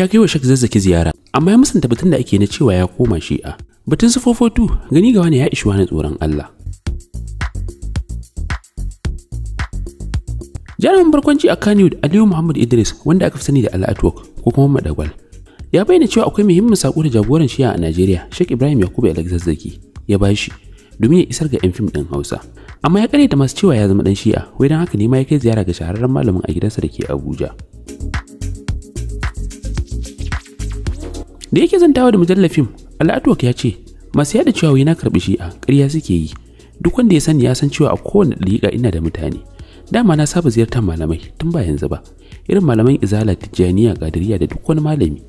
ya kai wa shak zazzaki ziyara amma ya musanta batun da ake na cewa ya koma shi'a batun su 442 gani ga wani ya ishi wani tsoron Allah jarumin barkwanci a kaniwood aliyu muhammad idris wanda aka fi sani da al'atwok ko kuma madagwal ya bayyana cewa akwai muhimmin sako da jagoran shi'a a najeriya sheikh ibrahim yakubu zazzaki ya shi domin ya isar ga 'yan fim ɗin hausa amma ya da masu cewa ya zama ɗan shi'a wai dan haka ne ma ya kai ziyara ga shahararren malamin a gidansa da ke abuja da yake zantawa da mujallafin fim al'atuwak ya ce masu yada cewa yana na karɓi shi'a ƙarya suke yi duk wanda ya sani ya san cewa a kowane dalika ina da mutane dama na saba ziyartar malamai tun ba yanzu ba irin malaman izala tijjaniya gadiriya da duk wani malami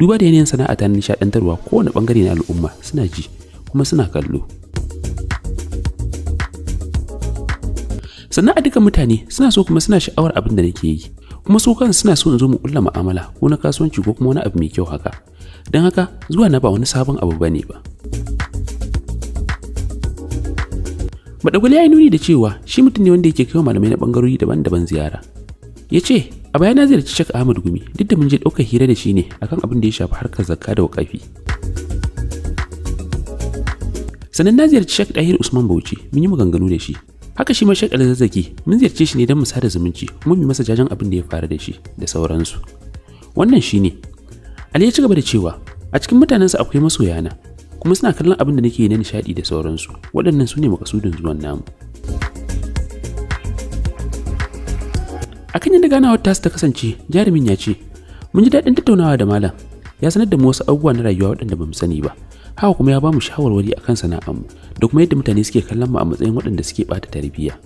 duba da yanayin sana'a ta nishaɗantarwa kowane ɓangare na al'umma suna ji kuma suna kallo sana'a duka mutane suna so kuma suna sha'awar abin da nake yi kuma su kan suna so in zo mu kulla mu'amala ko na kasuwanci ko kuma wani abu mai kyau haka don haka zuwa na ba wani sabon abu bane ba Madagwali ya yi nuni da cewa shi mutum ne wanda yake kai malamai na bangarori daban-daban ziyara. Ya ce, a na ziyarci shak Ahmad Gumi duk da mun je ɗaukar hira da shi ne akan abin da ya shafi harkar zakka da wakafi. Sannan na ziyarci Sheikh Dahir Usman Bauchi mun yi maganganu da shi haka shi ma shakar zazzaki mun ziyarce shi ne don mu sada zumunci kuma mu masa jajen abin da ya faru da shi da sauransu wannan shi ne, ali ya ci gaba da cewa a cikin mutanensa akwai masoyana kuma suna kallon abin da nake yi na nishaɗi da sauransu waɗannan su ne makasudin zuwan namu a akan yadda ganawar tasu ta kasance jarumin ya ce mun ji daɗin tattaunawa da malam ya sanar da mu wasu abubuwa na rayuwa waɗanda bamu sani ba haka kuma ya bamu shawarwari akan sana'armu da kuma yadda mutane suke kallon mu a matsayin waɗanda suke ɓata tarbiyya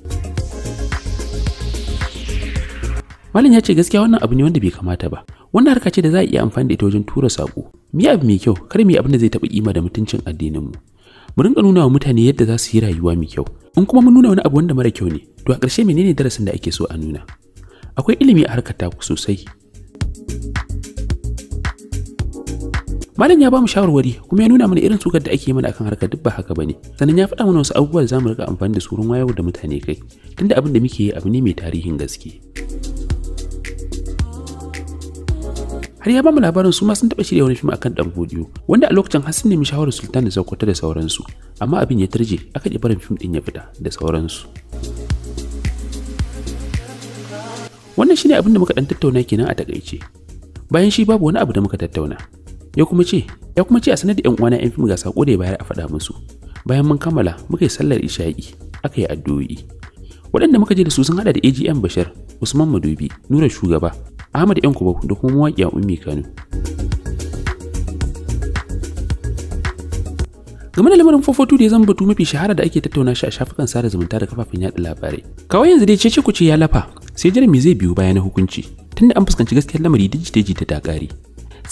Malam ya ce gaskiya wannan abu ne wanda bai kamata ba. Wannan harka ce da za a iya amfani da ita wajen tura sako. Mu abu mai kyau, kar mu abin da zai taɓa kima da mutuncin addinin mu. Mu rinka nuna wa mutane yadda za su yi rayuwa mai kyau. In kuma mun nuna wani abu wanda mara kyau ne, to a ƙarshe menene darasin da ake so a nuna? Akwai ilimi a harkar taku sosai, malam ya bamu shawarwari kuma ya nuna mana irin sukar da ake mana akan harkar duk ba haka bane sannan ya faɗa mana wasu abubuwa da za mu amfani da su wurin wayar da mutane kai tunda abin da muke yi abu ne mai tarihin gaske har ya bamu labarin su ma sun taɓa shirya wani fim akan dan godiyo wanda a lokacin har sun nemi shawarar sultan da zakwata da sauransu amma abin ya tarje aka ƙi barin fim ɗin ya fita da sauransu wannan shine abin da muka dan tattauna kenan a takaice bayan shi babu wani abu da muka tattauna ya kuma ce ya kuma ce a sanar da yan uwana yan fim ga sako da ya bayar a faɗa musu bayan mun kammala muka yi sallar isha'i aka yi addu'o'i waɗanda muka je da su sun haɗa da AGM Bashir Usman Madobi Nura Shugaba Ahmad Yan da kuma mawaƙiya Ummi Kano game da lamarin 442 da ya zama batu mafi shahara da ake tattauna shi a shafukan sada zumunta da kafafen yada labarai kawai yanzu dai cece ce ya lafa sai jirmi zai biyo bayan hukunci tunda an fuskanci gaskiyar lamari dijitaji ta takari.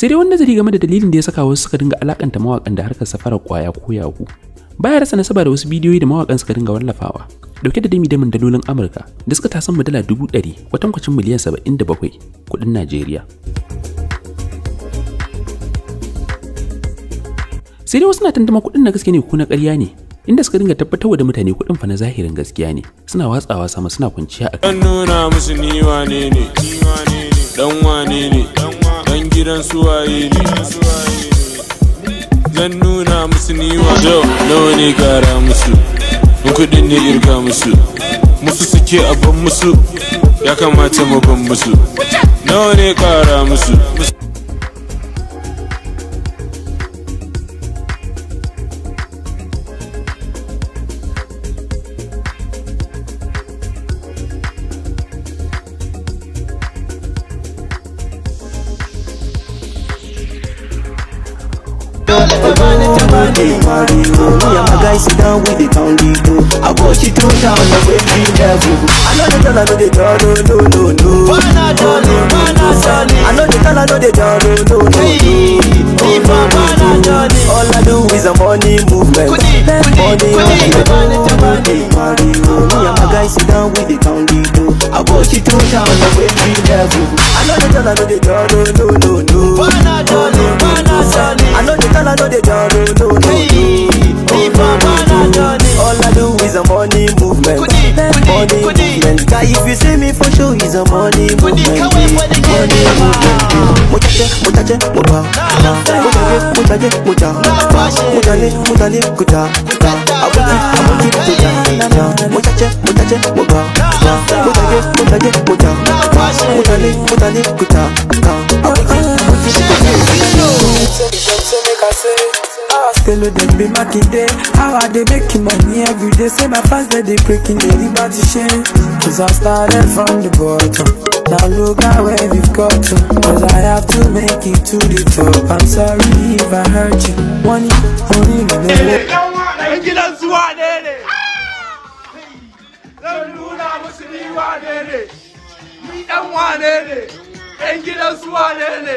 sai dai wani nazari game da dalilin da ya saka wasu suka dinga alakanta mawakan da harkar safarar kwaya ko yahu baya rasa nasaba da wasu bidiyoyi da mawakan suka dinga wallafawa dauke da dami da dalolin amurka da suka tasan mu dala dubu ɗari kwatankwacin miliyan saba'in da bakwai kuɗin najeriya sai dai wasu na tantama kuɗin na gaske ne ko na karya ne inda suka dinga tabbatarwa da mutane kuɗin fa na zahirin gaskiya ne suna watsawa sama suna kwanciya a kan nuna musu ni wane ne dan wane ne gidan suwaye ne zan nuna musu niwa jau nawa ne gara musu in kudin ne irga musu musu suke abin musu ya kamata mu ban musu nawa ne kara musu Me and my guys sit down with the town league I go she through town and level. I know the girl, I know the girl, no, no, no, no. Bana Johnny, Bana Johnny. I know the girl, I know the girl, no, no, no. People, Bana Johnny. All I do is a money movement. Money, money, money, money. Me and my guys sit down with the town league I go she through town and level. I know the girl, I know the girl, no, no, no. you see me for sure, it's a money movement. Money movement. Money mutaje, Money Mutaje, Money muta. Money mutale, Money Abuja, Money tuja. Money mutaje, Money Mutaje, mutaje, muta. Mutale, mutale, kuta. Abuji, abuji, tuja. Say, say, say, make I say. Fellow them be making day. How are they making money every day? Say my fans that they breaking the liberty chain. Cause I started from the bottom. Now look at where we've got oh. to. Cause I have to make it to the top. I'm sorry if I hurt you. One only know. Ni ɗan wane ne, ɗan gidan su wane ne.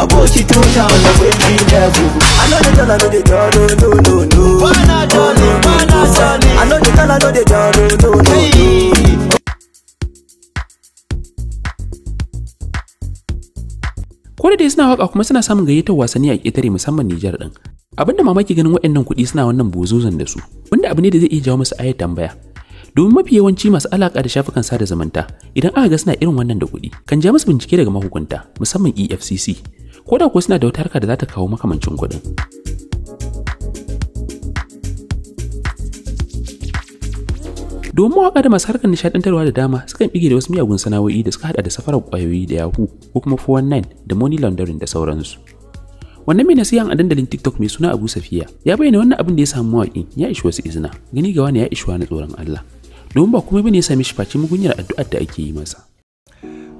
aboki tuta on the way me level I know the I know the tell no, no, no Bana dolly, bana dolly I know the I know the tell no, no, no Ko da dai suna waka kuma suna samun gayyatar wasanni a ƙetare musamman Nijar ɗin. Abinda mamaki ganin waɗannan kuɗi suna wannan bozozon da su, wanda abu ne da zai iya jawo musu ayar tambaya. domin mafi yawanci masu alaƙa da shafukan sada zumunta idan aka ga suna irin wannan da kuɗi kan ja musu bincike daga mahukunta musamman efcc ko da kuwa suna da wata harka da za ta kawo makamancin kuɗin. domin mawaƙa da masu harkar nishaɗantarwa da dama sukan bige da wasu miyagun sana'o'i da suka haɗa da safarar kwayoyi da yahoo ko kuma 419 da money laundering da sauransu wannan mai nasihan a dandalin tiktok mai suna abu safiya ya bayyana wannan abin da ya samu mawaƙin ya ishi wasu izina gani ga wani ya ishi wani tsoron allah domin ba kuma bane ya same shi face mugunyar addu'ar da ake yi masa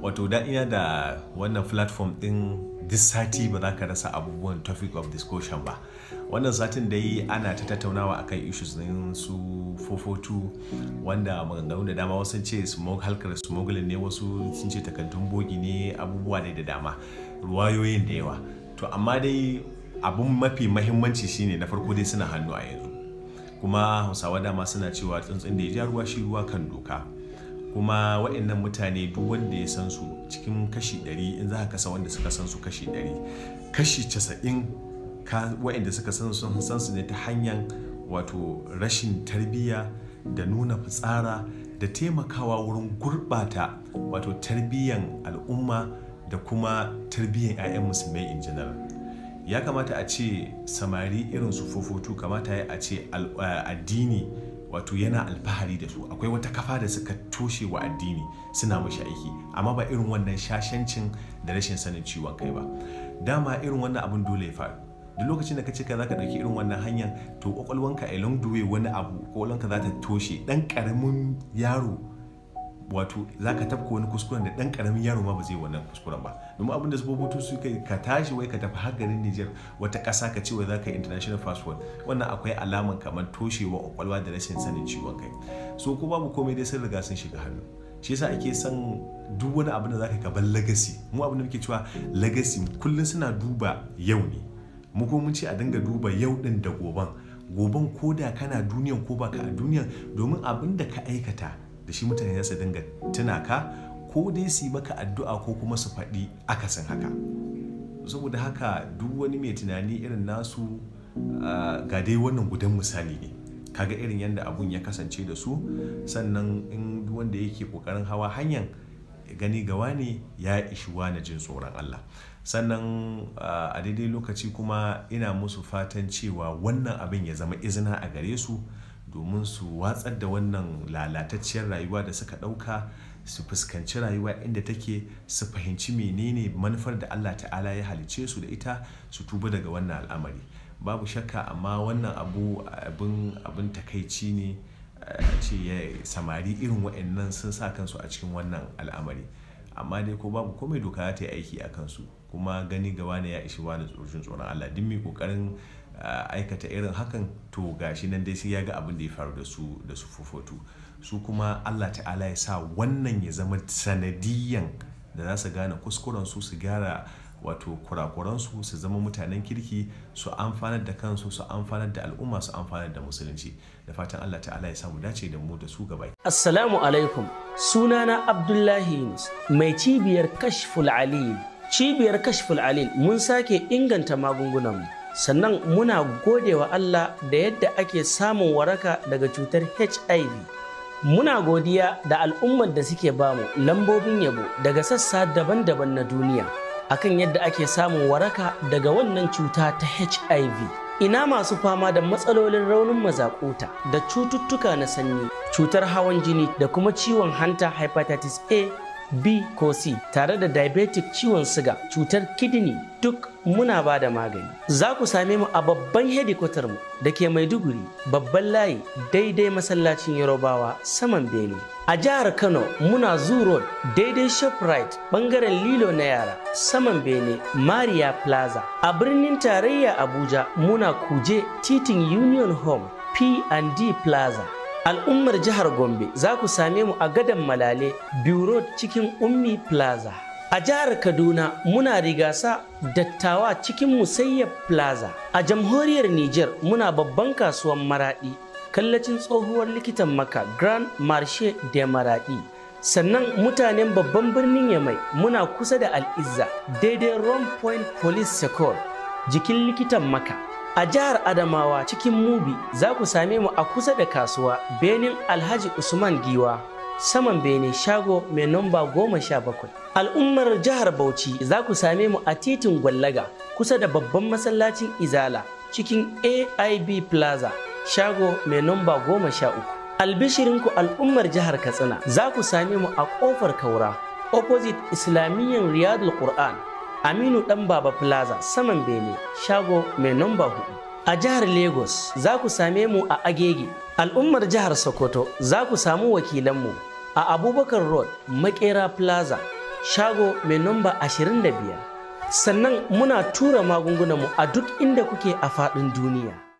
wato daɗina da wannan platform din this sati ba za ka rasa abubuwan topic of discussion ba wannan satin da yi ana ta tattaunawa akan issues din su 442 wanda maganganu da dama wasu ce smoke halkar smuggling ne wasu sun ce takardun bogi ne abubuwa ne da dama ruwayoyin da yawa to amma dai abun mafi mahimmanci shine na farko dai suna hannu a yanzu kuma hausawa dama suna cewa tsuntsun da ya ja ruwa shi ruwa kan doka kuma wa'annan mutane duk wanda ya san su cikin kashi 100 in za ka kasa wanda suka san su kashi 100 kashi 90 wa'anda suka san su san su ne ta hanyar wato rashin tarbiyya da nuna fitsara da taimakawa wurin gurɓata wato tarbiyyan al'umma da kuma tarbiyyan 'ya'yan musulmai in general ya kamata a ce samari irin su kamata ya a ce eh, addini wato yana alfahari da su akwai wata kafa da suka toshe wa addini suna mashi aiki amma ba irin wannan shashancin da rashin sanin ciwon kai ba dama irin wannan abin dole ya faru duk lokacin da ka ce ka za ka ɗauki irin wannan hanyar to kwakwalwanka a long the way wani abu kwakwalwanka za ta toshe dan karamin yaro wato za ka tafka wani kuskuren da ɗan ƙaramin yaro ma ba zai wannan kuskuren ba domin abin da zubobutu su kai ka tashi wai ka tafi har garin Nijar wata ƙasa ka ce wai za ka yi international passport wannan akwai alaman kamar toshewa ƙwaƙwalwa da rashin sanin ciwon kai so ko babu komai dai sun riga sun shiga hannu shi yasa ake san duk wani abin da za ka ka bar legacy mu abin da muke cewa legacy kullum suna duba yau ne mu ko mun ce a dinga duba yau ɗin da goban goban ko da kana duniyan ko baka a duniyan domin abin da ka aikata da shi mutane za su dinga tuna ka ko dai su yi maka addu'a ko kuma su faɗi akasin haka saboda haka duk wani mai tunani irin nasu ga dai wannan gudan misali ne kaga irin yadda abun ya kasance da su sannan in wanda yake kokarin hawa hanyar gani gawa ne ya ishi wani jin tsoron Allah sannan a daidai lokaci kuma ina musu fatan cewa wannan abin ya zama izina a gare su domin su watsar da wannan lalatacciyar rayuwa da suka ɗauka su fuskanci rayuwa inda take su fahimci menene manufar da Allah ta'ala ya halicce su da ita su tuba daga wannan al'amari babu shakka amma wannan abu abin abin takaici ne eh, a ce ya samari irin wa'annan sun sa kansu a cikin wannan al'amari amma dai ko babu komai doka ta yi aiki a kansu kuma gani gaba ne ya ishi wani tsoron tsoron Allah duk mai kokarin aikata irin hakan to gashi nan dai sai ya ga abin da ya faru da su da su su kuma Allah ta'ala ya sa wannan ya zama sanadiyan da za su gane kuskuren su su gyara wato kurakuransu su zama mutanen kirki su amfanar da kansu su amfanar da al'umma su amfanar da musulunci da fatan Allah ta'ala ya samu dace da mu da su gaba assalamu alaikum sunana abdullahi yunus mai cibiyar kashful alil cibiyar kashful alil mun sake inganta magungunan mu. sannan muna gode wa Allah da yadda ake samun waraka daga cutar HIV. Muna godiya da al'ummar da suke bamu lambobin yabo daga sassa daban-daban na duniya akan yadda ake samun waraka daga wannan cuta ta HIV. Ina masu fama da matsalolin raunin mazakuta da cututtuka na sanyi, cutar hawan jini da kuma ciwon hanta hepatitis A b ko c tare da diabetic ciwon siga cutar kidney duk muna ba da magani za ku same mu a babban hedikwatar mu da ke maiduguri babban layi daidai masallacin yarobawa saman bene a jihar kano muna zoo road daidai shoprite bangaren lilo na yara saman bene maria plaza a birnin tarayya abuja muna kuje titin union home p&d plaza Al'ummar jihar Gombe za ku same mu a gadon Malale, biro cikin Ummi Plaza. A jihar Kaduna muna rigasa dattawa cikin Musayyar Plaza. A jamhuriyar Nijar muna babban kasuwan Maraɗi, kallacin tsohuwar likitan maka Grand Marche de Maraɗi. Sannan mutanen babban birnin Yamai muna kusa da Al'izza daidai Rome Point Police Secor jikin likitan maka. A jihar Adamawa cikin Mubi za ku same mu a kusa da kasuwa Benin Alhaji Usman Giwa saman Bene Shago mai namba goma sha bakwai. Al'ummar jihar Bauchi za ku same mu a titin Gwallaga kusa da babban masallacin Izala cikin AIB Plaza Shago mai namba goma sha uku. Albishirinku al'ummar jihar Katsina za ku same mu a ƙofar Kaura opposite Islamiyyar Riyadul Qur'an aminu dan baba plaza saman bene shago mai namba hudu a jihar lagos za ku same mu a agege al'ummar jihar sokoto za ku samu wakilanmu a abubakar road makera plaza shago mai namba 25 sannan muna tura magungunanmu a duk inda kuke a faɗin duniya